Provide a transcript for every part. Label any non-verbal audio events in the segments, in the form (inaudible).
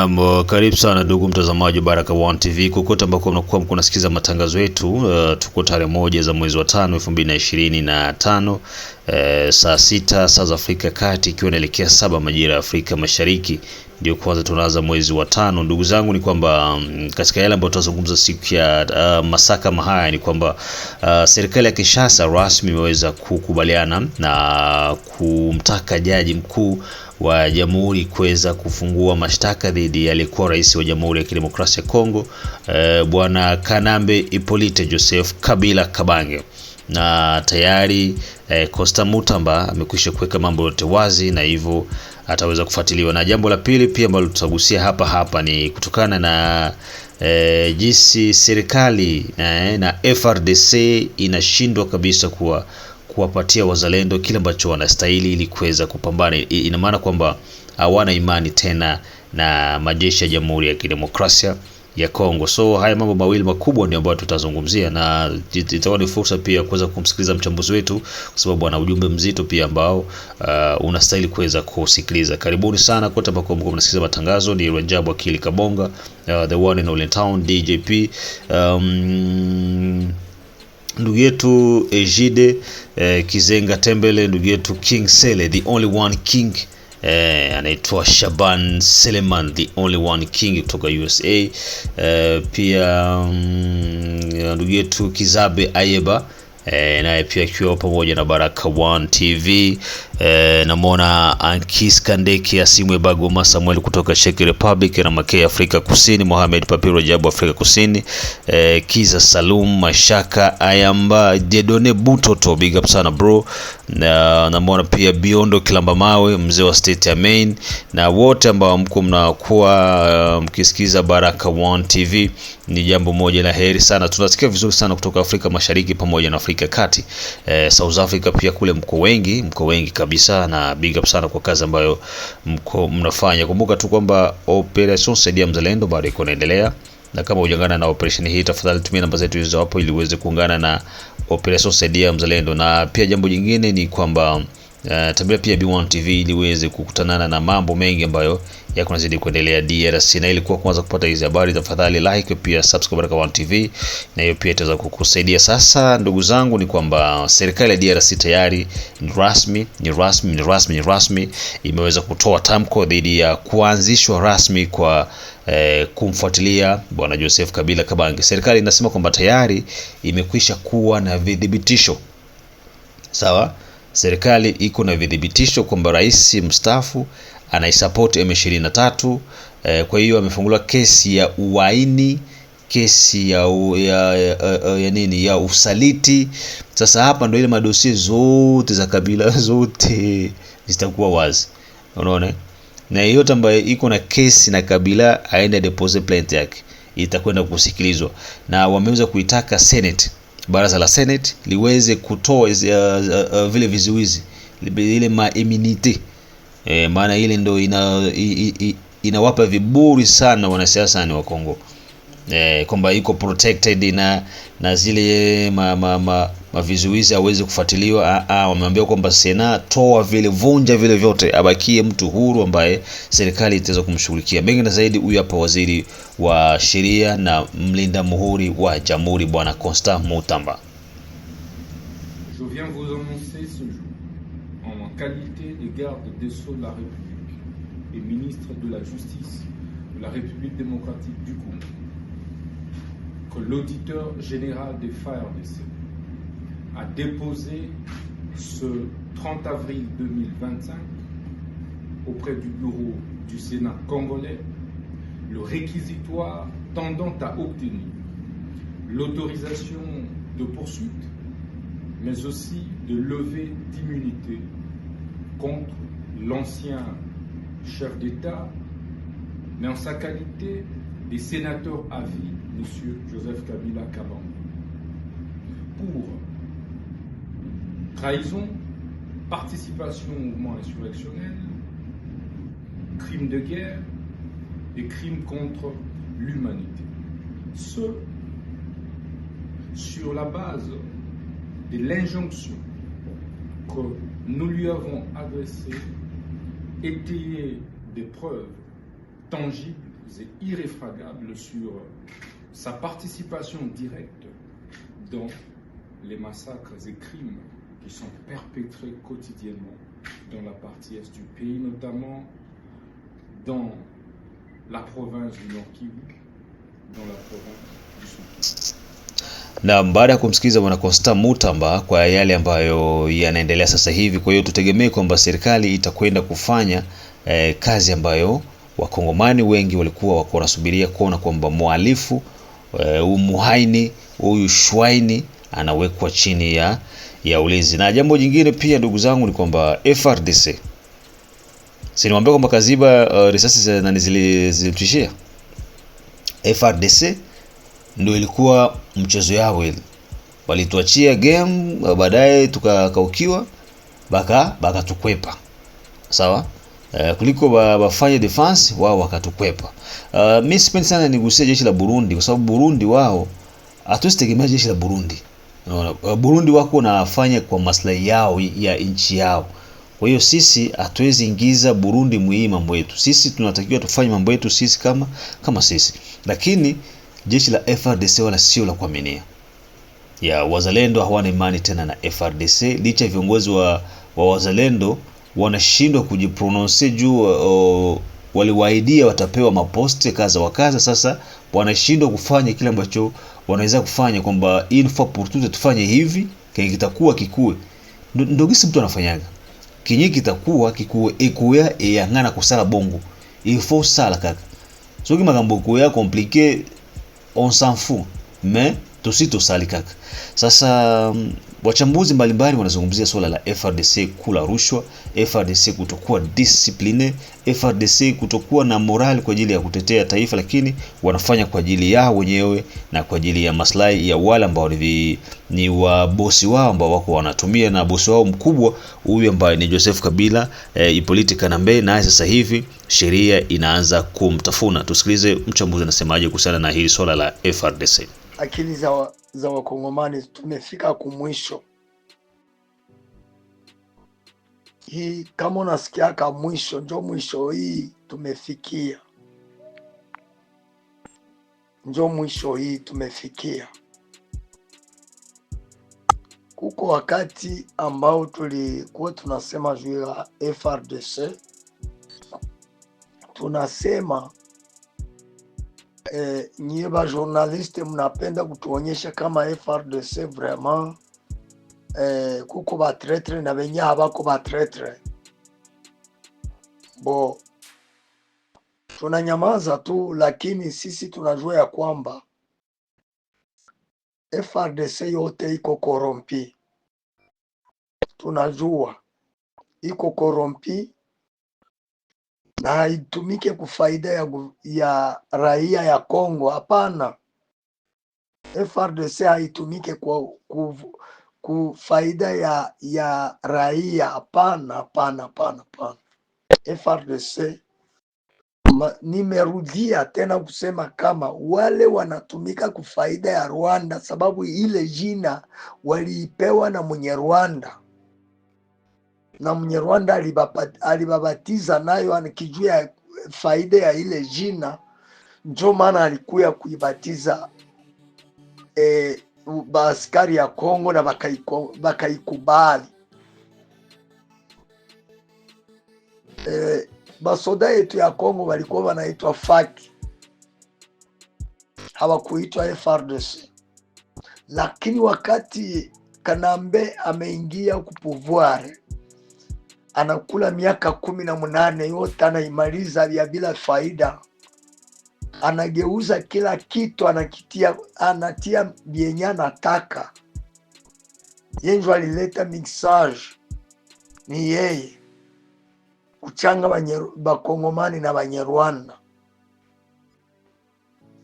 Naam, uh, karibu sana ndugu mtazamaji wa Baraka One TV kokote ambako mnakuwa mnasikiza matangazo yetu. Uh, tuko tarehe moja za mwezi wa tano elfu mbili na ishirini na tano uh, saa sita saa za Afrika Kati ikiwa inaelekea saba majira ya Afrika Mashariki ndio kwanza tunaanza mwezi wa tano. Ndugu zangu, ni kwamba mm, katika yale ambayo tunazungumza siku ya uh, masakama haya ni kwamba uh, serikali ya Kinshasa rasmi imeweza kukubaliana na kumtaka jaji mkuu wa jamhuri kuweza kufungua mashtaka dhidi ya aliyekuwa rais wa Jamhuri ya Kidemokrasia ya Kongo e, bwana Kanambe Ipolite Joseph Kabila Kabange na tayari e, Costa Mutamba amekwisha kuweka mambo yote wazi na hivyo ataweza kufuatiliwa. Na jambo la pili pia ambalo tutagusia hapa hapa ni kutokana na e, jinsi serikali e, na FRDC inashindwa kabisa kuwa kuwapatia wazalendo kile ambacho wanastahili ili kuweza kupambana. Ina maana kwamba hawana imani tena na majeshi ya Jamhuri ya Kidemokrasia ya Kongo. So haya mambo mawili makubwa ndio ambayo tutazungumzia, na itakuwa ni fursa pia kuweza kumsikiliza mchambuzi wetu, kwa sababu ana ujumbe mzito pia ambao uh, unastahili kuweza kusikiliza. Karibuni sana kote ambako mko mnasikiliza matangazo. Ni Rajabu Akili Kabonga, uh, the one in Town DJP um, ndugu yetu Ejide eh, eh, Kizenga Tembele, ndugu yetu King Sele, the only one king eh, anaitwa Shaban Seleman the only one king kutoka USA. Eh, pia mm, ndugu yetu Kizabe Ayeba eh, naye pia akiwa pamoja na Baraka One TV E, namwona Ankis Kandeki ya Asimwe Bagoma Samuel kutoka Czech Republic na Makea Afrika Kusini, Mohamed Papiro Jabu Afrika Kusini, e, Kiza Salum Mashaka Ayamba Jedone Butoto, big up sana bro. Na namwona pia Biondo Kilamba Mawe mzee wa state ya Maine na wote ambao mko mnakuwa eh, mkisikiza Baraka One TV ni jambo moja la heri sana, tunasikia vizuri sana kutoka Afrika Mashariki pamoja na Afrika Kati, e, South Africa pia kule mko wengi, mko wengi kabisa kabisa, na big up sana kwa kazi ambayo mko mnafanya. Kumbuka tu kwamba operation saidia mzalendo bado iko inaendelea, na kama hujaungana na operation hii, tafadhali tumia namba zetu hizo hapo ili uweze kuungana na operation saidia mzalendo. Na pia jambo jingine ni kwamba uh, eh, tabia pia B1 TV ili uweze kukutanana na mambo mengi ambayo ya kunazidi kuendelea DRC. Na ilikuwa kwanza kupata hizi habari, tafadhali like pia subscribe Baraka One TV, na hiyo pia itaweza kukusaidia. Sasa ndugu zangu, ni kwamba serikali ya DRC tayari ni rasmi ni rasmi ni rasmi ni rasmi imeweza kutoa tamko dhidi ya kuanzishwa rasmi kwa eh, kumfuatilia bwana Joseph Kabila Kabange. Serikali inasema kwamba tayari imekwisha kuwa na vidhibitisho sawa. Serikali iko na vidhibitisho kwamba rais mstaafu anaisupport M23 eh, kwa hiyo amefunguliwa kesi ya uaini kesi ya, u, ya, ya, ya, ya nini ya usaliti. Sasa hapa ndio ile madosie zote za kabila (laughs) zote zitakuwa wazi, unaona, na yeyote ambaye iko na kesi na kabila aende depose plainte yake, itakwenda kusikilizwa, na wameweza kuitaka Senate, baraza la Senate liweze kutoa uh, uh, uh, vile vizuizi ile ma immunity e, maana ile ndo ina, inawapa viburi sana wanasiasa ni wa Kongo e, kwamba iko protected na na zile ma, ma, ma, mavizuizi hawezi kufuatiliwa. Wameambia kwamba sena toa vile, vunja vile vyote, abakie mtu huru ambaye serikali itaweza kumshughulikia mengi na zaidi. Huyu hapa waziri wa sheria na mlinda muhuri wa jamhuri bwana Constant Mutamba. qualité de garde des Sceaux de la République et ministre de la Justice de la République démocratique du Congo, que l'auditeur général des FARDC a déposé ce 30 avril 2025 auprès du bureau du Sénat congolais le réquisitoire tendant à obtenir l'autorisation de poursuite, mais aussi de levée d'immunité contre l'ancien chef d'État, mais en sa qualité des sénateurs à vie, M. Joseph Kabila Kaban, pour trahison, participation au mouvement insurrectionnel, crime de guerre et crime contre l'humanité. Ce, sur la base de l'injonction que nous lui avons adressé, étayé des preuves tangibles et irréfragables sur sa participation directe dans les massacres et crimes qui sont perpétrés quotidiennement dans la partie est du pays, notamment dans la province du Nord-Kivu, dans la province du sud Na baada ya kumsikiliza bwana Constant Mutamba kwa yale ambayo yanaendelea sasa hivi, kwa hiyo tutegemee kwamba serikali itakwenda kufanya eh, kazi ambayo wakongomani wengi walikuwa wako wanasubiria kuona kwamba mhalifu eh, umuhaini huyu shwaini anawekwa chini ya, ya ulinzi. Na jambo jingine pia ndugu zangu ni kwamba FRDC niwaambia kwamba Kaziba uh, risasi nani zilitishia FRDC ndio ilikuwa mchezo yao ile, walituachia game baadaye tukakaukiwa, baka bakatukwepa sawa. Uh, kuliko wafanye ba, defense wao wakatukwepa. Uh, eh, mimi sipendi sana nigusie jeshi la Burundi kwa sababu Burundi wao hatusitegemea jeshi la Burundi. Uh, Burundi wako wanafanya kwa maslahi yao ya nchi yao. Kwa hiyo sisi hatuwezi ingiza Burundi mwii mambo yetu. Sisi tunatakiwa tufanye mambo yetu sisi kama kama sisi, lakini jeshi la FRDC wala sio la kuaminia. Ya wazalendo hawana imani tena na FRDC licha ya viongozi wa, wa wazalendo wanashindwa kujiprononse juu waliwaidia watapewa maposti kaza wa kaza. Sasa wanashindwa kufanya kile ambacho wanaweza kufanya, kwamba info pour tout tufanye hivi kile kitakuwa kikuwe. Ndio gisi mtu anafanyaga kinyi kitakuwa kikuwe, ekuya eyang'ana kusala bongo ifo sala kaka soki magambo kuya komplike on s'en fout mais tosi tosalikaka sasa Wachambuzi mbalimbali wanazungumzia suala la FRDC kula rushwa, FRDC kutokuwa discipline, FRDC kutokuwa na morali kwa ajili ya kutetea taifa, lakini wanafanya kwa ajili yao wenyewe na kwa ajili ya maslahi ya wale ambao ni, ni wabosi wao ambao wako wanatumia, na bosi wao mkubwa huyu ambaye ni Joseph Kabila e, eh, Ipoliti Kanambe, naye sasa hivi sheria inaanza kumtafuna. Tusikilize mchambuzi anasemaje kuhusiana na hili swala la FRDC. Akili za za Wakongomani tumefika kumwisho. Hii kama unasikiaka mwisho, njo mwisho hii tumefikia, njo mwisho hii tumefikia. Kuko wakati ambao tulikuwa tunasema juu ya FRDC tunasema nye eh, nyie ba mnapenda kutuonyesha kama FRDC vraiment eh, kuko batretre na benye habako batretre bo tunanyamaza tu, lakini sisi tunajua ya kwamba FRDC yote iko korompi, tunajua iko korompi na haitumike kwa faida ya, ya raia ya Kongo. Hapana, FRDC haitumike kwa ku faida ya, ya raia. Hapana, hapana, hapana, hapana. FRDC nimerudia tena kusema kama wale wanatumika kufaida ya Rwanda, sababu ile jina waliipewa na mwenye Rwanda na rwanda alibabatiza nayo anikijua faida ya ile jina, njo maana alikuya kuibatiza e, baaskari ya Kongo na bakaikubali e, basoda yetu ya Kongo walikuwa wanaitwa FAK, hawakuitwa FARDC, lakini wakati Kanambe ameingia kupuvuare anakula miaka kumi na munane yote anaimaliza ya bila faida, anageuza kila kitu anakitia, anatia vyenye anataka. Yenjo alileta mixage ni yeye kuchanga bakongomani na Banyarwanda.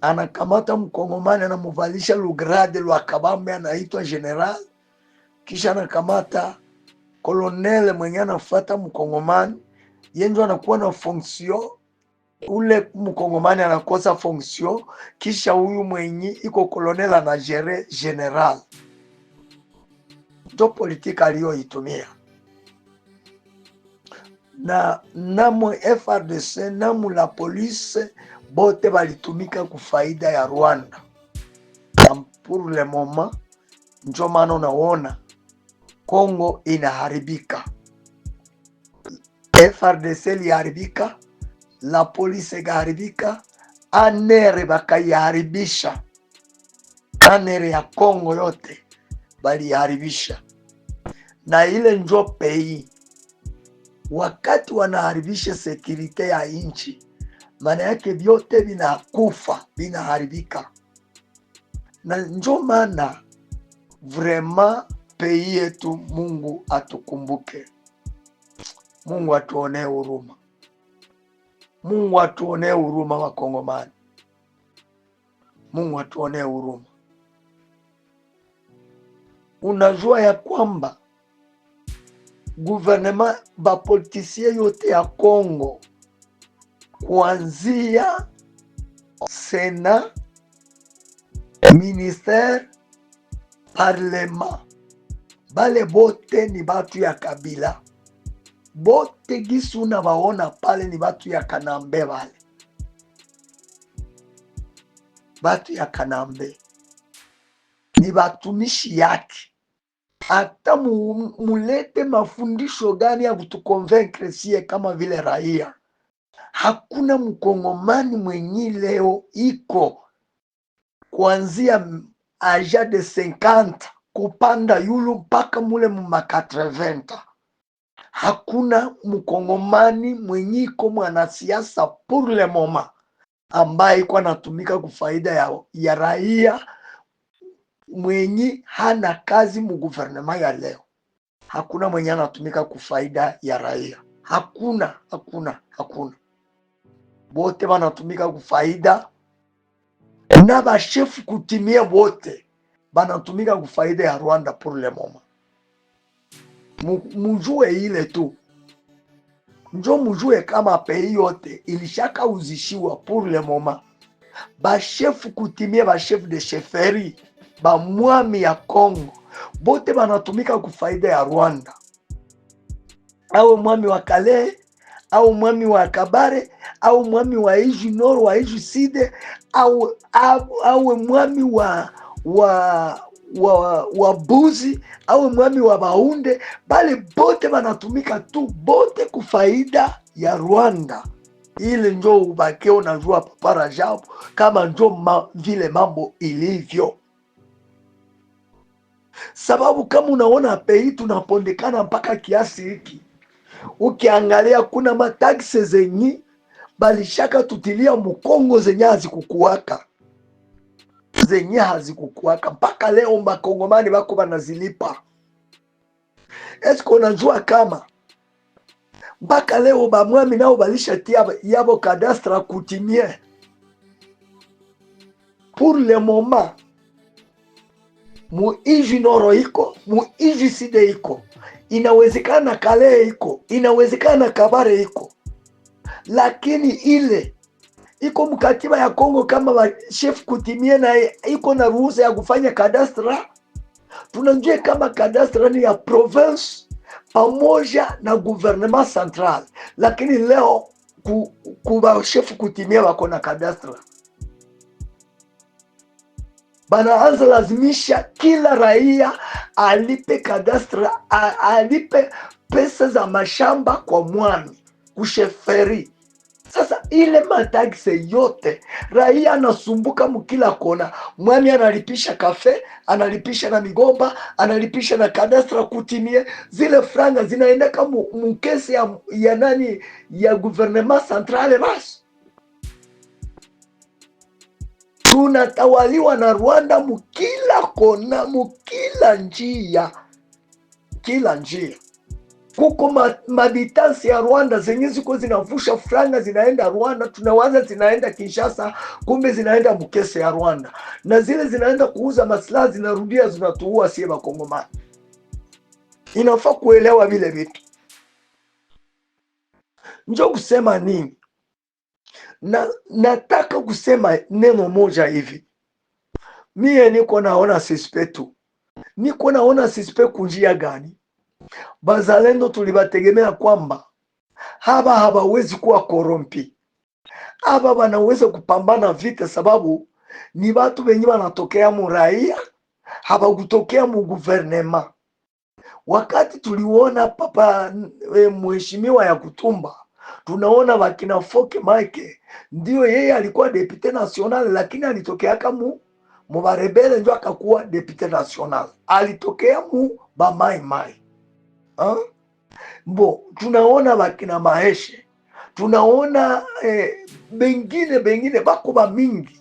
Anakamata mkongomani anamuvalisha lugrade lwa kabambe anaitwa general, kisha anakamata kolonele mwenye anafata mkongomani yenjo anakuwa na fonksio ule mkongomani anakosa fonksio, kisha huyu mwenye iko kolonel anajere general. Ndo politika aliyoitumia na namo FRDC namo la polise bote balitumika kufaida ya Rwanda. Pour le moment, njo maana unaona Kongo inaharibika, FRDC liharibika, la polisi ikaharibika, anere bakaiharibisha, anere ya Kongo yote baliharibisha, na ile njo pei wakati wanaharibisha sekirite ya nchi, maana yake vyote vinakufa vinaharibika, na njo maana vraiment pei yetu, Mungu atukumbuke, Mungu atuonee huruma, Mungu atuonee huruma Kongomani, Mungu atuonee huruma. Unajua ya kwamba guvernema bapolitisie yote ya Kongo kuanzia Sena, ministere, parlement bale bote ni batu ya kabila bote, na baona pale ni batu ya Kanambe, bale batu ya Kanambe ni batumishi yake. Hata mulete mafundisho gani ya kutukonvenkre sie kama vile raia, hakuna mkongomani mwenyi leo iko kuanzia aja de 50 kupanda yulu mpaka mule mumakatreventa. Hakuna mkongomani mwenyiko mwanasiasa pour le moment ambaye iko anatumika kufaida ya, ya raia mwenyi hana kazi muguvernema ya leo. Hakuna mwenye anatumika kufaida ya raia, hakuna hakuna hakuna. Bote wanatumika kufaida na bashefu kutimia bote banatumika kufaida ya Rwanda pour le moment. Mujue ile tu njo mujue kama pei yote ilishaka uzishiwa pour le moment bashefu kutimia bashefu de sheferi bamwami ya Kongo bote banatumika kufaida ya Rwanda, au mwami wa Kale au mwami wa Kabare au mwami wa Iju wa Iju Side au awe mwami wa wa wa wabuzi au mwami wa Baunde, bale bote banatumika tu bote kufaida ya Rwanda. Ile njo ubake unajua, Papa Rajabu, kama njo ma, vile mambo ilivyo, sababu kama unaona pei tunapondekana mpaka kiasi hiki, ukiangalia kuna mataksi zenyi balishaka tutilia mkongo zenye hazikukuwaka zenye hazikukuaka mpaka leo, makongomani bako banazilipa. Esko unajua kama mpaka leo bamwami nao tia yabo kadastra kutimie pour le moment muiji Noro iko muiji Side iko inawezekana, Kale iko inawezekana, Kabare iko lakini ile iko mkatiba ya Kongo kama chef kutimie na iko na ruhusa ya kufanya kadastra. Tunajua kama kadastra ni ya province pamoja na gouvernement central, lakini leo ku, ku chef kutimia wako na kadastra, banaanza lazimisha kila raia alipe kadastra, alipe pesa za mashamba kwa mwami kusheferi sasa ile matagise yote raia anasumbuka mkila kona, mwami analipisha kafe, analipisha na migomba, analipisha na kadastra kutimie zile franga zinaendeka mukesi ya, ya nani ya guvernema centrale ras. Tunatawaliwa na Rwanda mukila kona, mukila njia, kila njia kuko mabitansi ya Rwanda zenye ziko zinavusha franga zinaenda Rwanda, tunawaza zinaenda Kinshasa, kumbe zinaenda mkese ya Rwanda, na zile zinaenda kuuza maslaha zinarudia zinatuua sie Bakongomani. Inafaa kuelewa vile vitu njo kusema nini na, nataka kusema neno moja hivi. Mie niko naona sispe tu, niko naona sispe kunjia gani? Bazalendo tulibategemea kwamba haba hawawezi kuwa korompi, haba wanaweza kupambana vita, sababu ni batu benye wanatokea muraia, habakutokea muguvernema. Wakati tuliona papa e, mheshimiwa ya kutumba tunaona wakina Foke Maike ndio yeye alikuwa depute national, lakini alitokeaka mu mubarebele njo akakuwa depute national, alitokea mu bamaimai ha? Mbo tunaona bakina Maeshe tunaona eh, bengine bengine bako mingi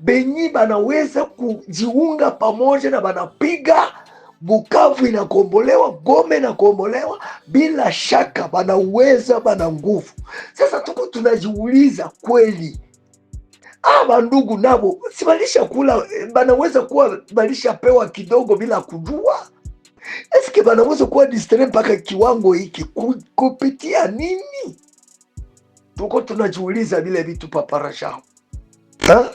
benyi banaweza kujiunga pamoja na banapiga Bukavu inakombolewa, gome inakombolewa, bila shaka banaweza, bana nguvu. Sasa tuko tunajiuliza kweli, ah, bandugu nabo si balisha kula, eh, banaweza kuwa pewa kidogo bila kujua eske banaweza kuwa distre mpaka kiwango hiki kupitia nini? Tuko tunajiuliza vile vitu paparashao ha?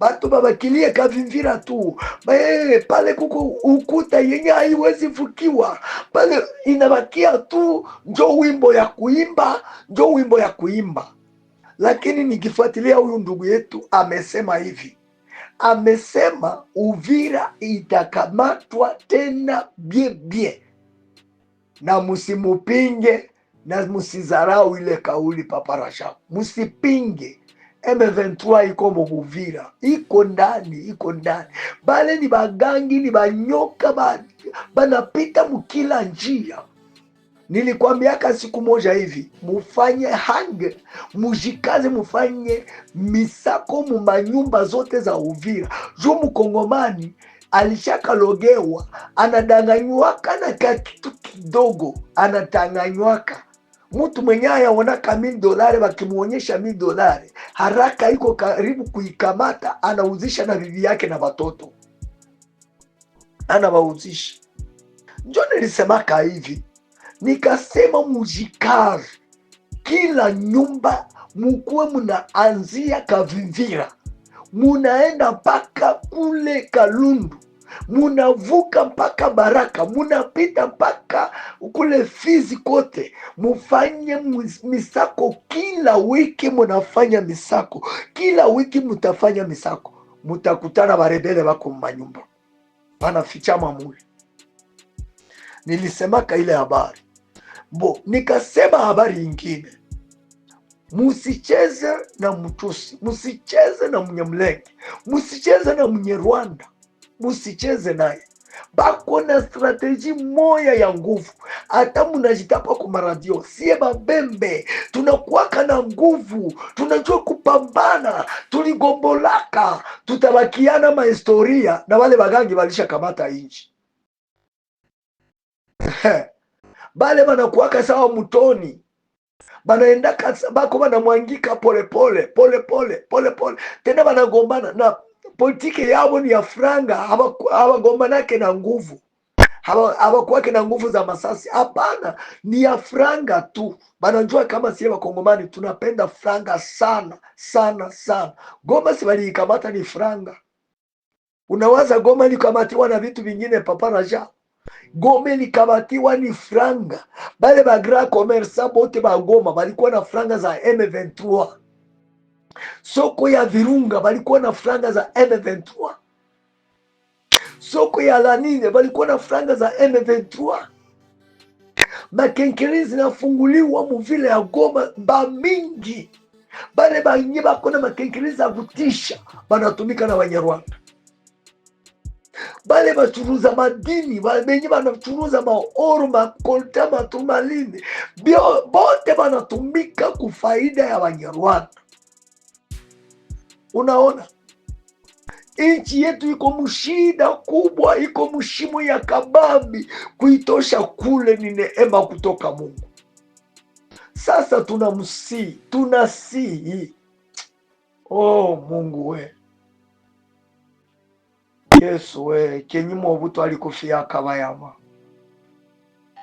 Batu babakilie kavimvira tu bae, eh, pale kuko ukuta yenye haiwezi vukiwa pale, inabakia tu njo wimbo ya kuimba, njo wimbo ya kuimba. Lakini nikifuatilia huyu ndugu yetu amesema hivi amesema Uvira itakamatwa tena byebye, na musimupinge na musizarau ile kauli paparasha, musipinge M23 iko muvira, iko ndani, iko ndani. Bale ni bagangi, ni banyoka, banapita mukila njia. Nilikwambiaka siku moja hivi, mufanye hang, mujikaze, mufanye misako mumanyumba zote za Uvira juu mkongomani logewa anadanganywaka na kakitu kidogo, anatanganywaka mtu mwenye ayaonaka mil dolari, wakimwonyesha mil dolari haraka iko karibu kuikamata, anauzisha na bibi yake na watoto, anawauzisha. Njo nilisemaka hivi nikasema mujikari kila nyumba mukuwe munaanzia kavivira munaenda mpaka kule Kalundu, munavuka mpaka Baraka, munapita mpaka kule Fizi kote, mufanye misako kila wiki. Munafanya misako kila wiki, mutafanya misako, mutakutana barebele bako mumanyumba, banafichama mule. Nilisemaka ile habari Bo, nikasema habari ingine, musicheze na Mtusi, musicheze na Mnyamlenge, musicheze na Mnyerwanda, musicheze naye bako na strateji moya ya nguvu. Hata munajitapa ku maradio, sie babembe tunakuwaka na nguvu, tunajua kupambana, tuligombolaka, tutabakiana mahistoria na wale bagangi kamata inji (laughs) bale banakuwaka sawa mutoni banaendaka bako banamwangika polepole polepole polepole tena banagombana na politike yabo ni ya franga, habagombanake na nguvu, habakuwake na nguvu za masasi. Hapana, ni ya franga tu. Banajua kama sie Wakongomani tunapenda franga sana sana sana. Goma si baliikamata ni franga. Unawaza Goma ilikamatiwa na vitu vingine, papa Raja Gome likabatiwa ni franga, bale ba grand bote ba Goma balikuwa na franga za M23. Soko ya Virunga balikuwa na franga za M23. Soko ya Lanine balikuwa na franga za M23. Makenkeli zinafunguliwa muvile ya Goma, ba mingi bale bako na makenkeli za kutisha, banatumika na Wanyarwanda bale bacuruza madini benye banacuruza maoro makolta matumalini bote banatumika kufaida ya Banyarwanda. Unaona, nchi yetu iko mshida kubwa, iko mshimo ya kababi kuitosha kule, ni neema kutoka Mungu. Sasa tunamsii tunasihi, oh Mungu we Yesu we kenyi obuto alikufia akabayama,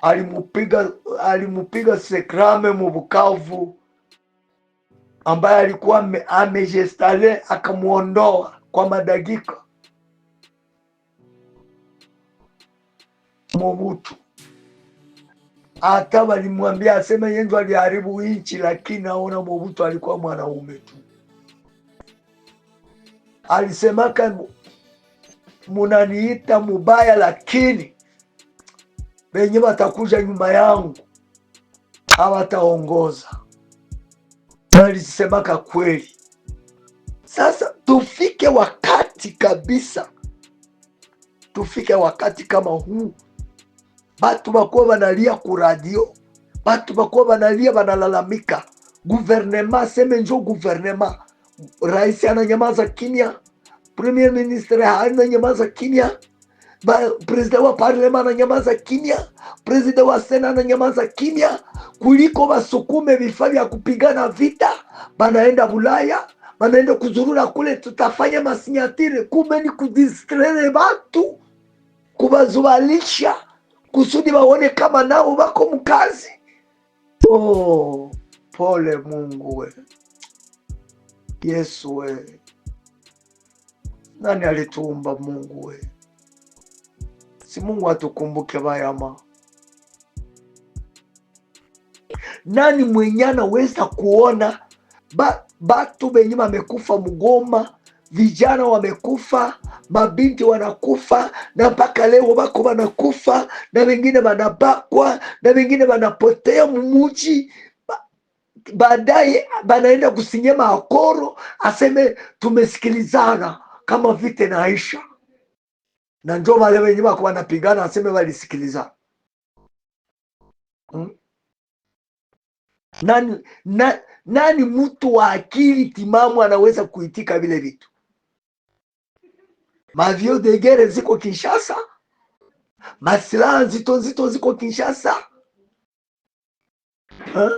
alimupiga alimupiga sekrame mu Bukavu, ambaye alikuwa amejestale akamuondoa kwa madagika. Mobutu hata walimwambia aseme yenzo aliharibu inchi, lakini naona Mobutu alikuwa mwanaume tu, alisemaka munaniita mubaya, lakini benye batakuja nyuma yangu hawataongoza. Nalisemaka kweli. Sasa tufike wakati kabisa, tufike wakati kama huu, batu bakuwa banalia kuradio, batu bakuwa banalia banalalamika, guvernema seme njo guvernema, rais ananyamaza kimya premier ministre ananyamaza kimya, prezida wa parlema ananyamaza kimya, prezida wa sena ananyamaza kimya, kuliko basukume vifaa vya kupigana vita, banaenda Bulaya banaenda kuzurura kule, tutafanya masinyatire. Kumbe ni kudistrere batu, kubazubalisha kusudi waone kama nao bako mkazi. Oh, pole Mungu we, Yesu we nani alituumba Mungu we? Si Mungu atukumbuke bayama? Nani mwenye anaweza kuona ba, batu benye wamekufa mgoma, vijana wamekufa, mabinti wanakufa, na mpaka leo bako wanakufa, na wengine wanabakwa na wengine wanapotea mumuji baadaye banaenda kusinyema akoro aseme tumesikilizana kama vita inaisha, na njo wale wenye wako wanapigana waseme walisikiliza hmm? Nani, na, nani mtu wa akili timamu anaweza kuitika vile vitu? Mavio de guerre ziko Kinshasa, masilaha nzito nzito ziko Kinshasa ha?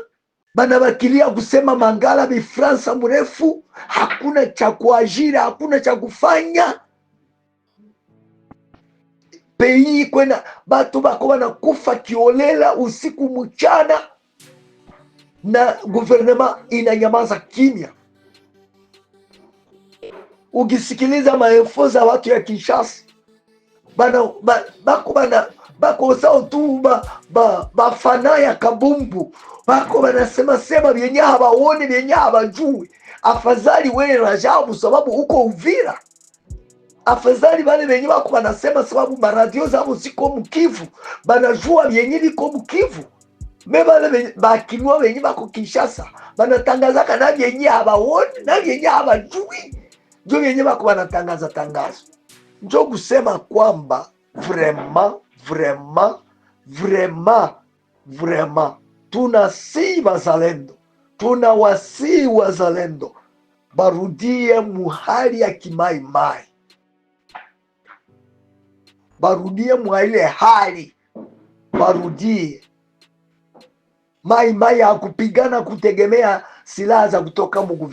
banabakilia kusema Mangala mifransa mrefu, hakuna cha kuajira, hakuna cha kufanya pei kwena, batu bako banakufa kiolela usiku mchana, na guvernema inanyamaza kimya. Ukisikiliza maefo za watu ya Kinshasa bana, ba, bako bana bako tu ba, ba, bafana ya kabumbu Bako banasema sema vyenye hawaone vyenye hawajui. Afadhali wewe Rajabu, sababu uko Uvira. Afadhali bale venye bako banasema, sababu maradio zabo ziko Mkivu, banajua vyenye viko Mkivu. Me bale bakinwa venye bako Kinshasa banatangazaka na vyenye hawaone na vyenye hawajui, ndio vyenye bako banatangaza tangazo, njo kusema kwamba vrema vrema vrema vrema tunasi wazalendo, tunawasii wazalendo barudie muhali ya kimaimai, barudie mwaile hali, barudie maimai ya kupigana kutegemea silaha za kutoka mu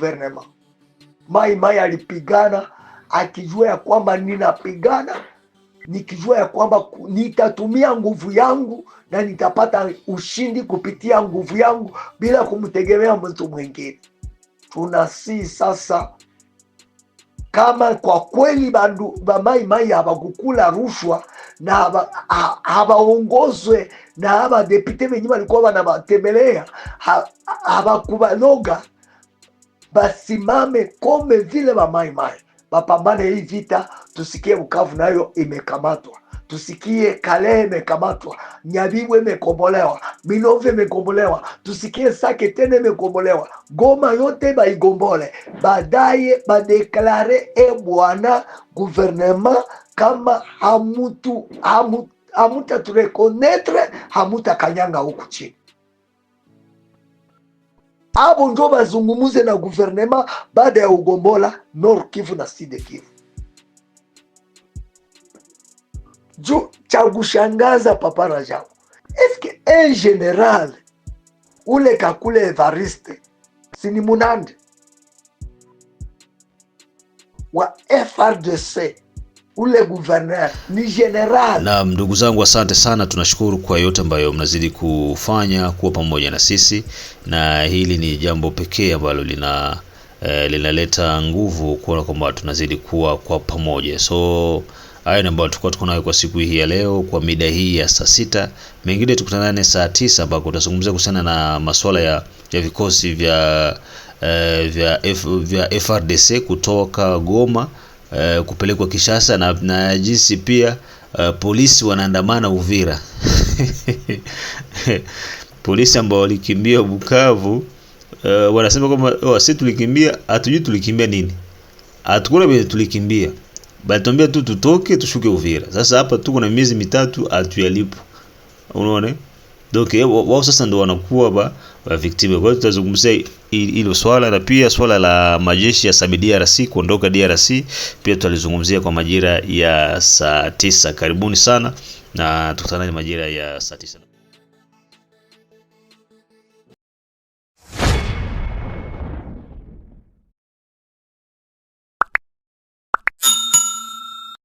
Maimai alipigana akijua ya kwamba ninapigana nikijua ya kwamba nitatumia nguvu yangu na nitapata ushindi kupitia nguvu yangu bila kumtegemea mtu mwingine. Tunasii sasa, kama kwa kweli bandu bamaimai hawakukula rushwa na hawaongozwe na hawa depute venye walikuwa wanawatembelea habakubaloga, basimame kome vile bamaimai mapambano ya hii vita, tusikie Bukavu nayo imekamatwa, tusikie kale imekamatwa, Nyabibwe imekombolewa, Minove imekombolewa, tusikie Sake tena imekombolewa, Goma yote baigombole, baadaye badeklare e bwana guvernema kama hamutu hamuta turekonetre hamuta kanyanga huku chini abo njo bazungumuze na guvernema baada ya ugombola Nord Kivu na Sud Kivu. Juu cha kushangaza papa Rajabu, eske en general ule kakule Evariste sini munande wa FRDC ule guverneur ni general. Naam, ndugu zangu, asante sana, tunashukuru kwa yote ambayo mnazidi kufanya kuwa pamoja na sisi, na hili ni jambo pekee ambalo lina eh, linaleta nguvu kuona kwamba tunazidi kuwa kwa pamoja. So hayo ni ambayo tulikuwa tuko nayo kwa siku hii ya leo kwa mida hii ya saa sita. Mengine tukutanane saa tisa ambako tutazungumzia kuhusiana na masuala ya, ya vikosi vya, uh, vya, F, vya FRDC kutoka Goma eh, kupelekwa Kishasa na, na jinsi pia eh, polisi wanaandamana Uvira (laughs) polisi ambao walikimbia Bukavu eh, wanasema kwamba oh, sisi tulikimbia, hatujui tulikimbia nini, hatukuna vile tulikimbia, balitwambia tu tutoke tushuke Uvira. Sasa hapa tuko na miezi mitatu hatuyalipo, unaona donc wao sasa ndo wanakuwa ba, wa victime. Kwa hiyo tutazungumzia hilo swala na pia swala la majeshi ya SAMI DRC kuondoka DRC pia tutalizungumzia kwa majira ya saa tisa. Karibuni sana na tukutane majira ya saa tisa.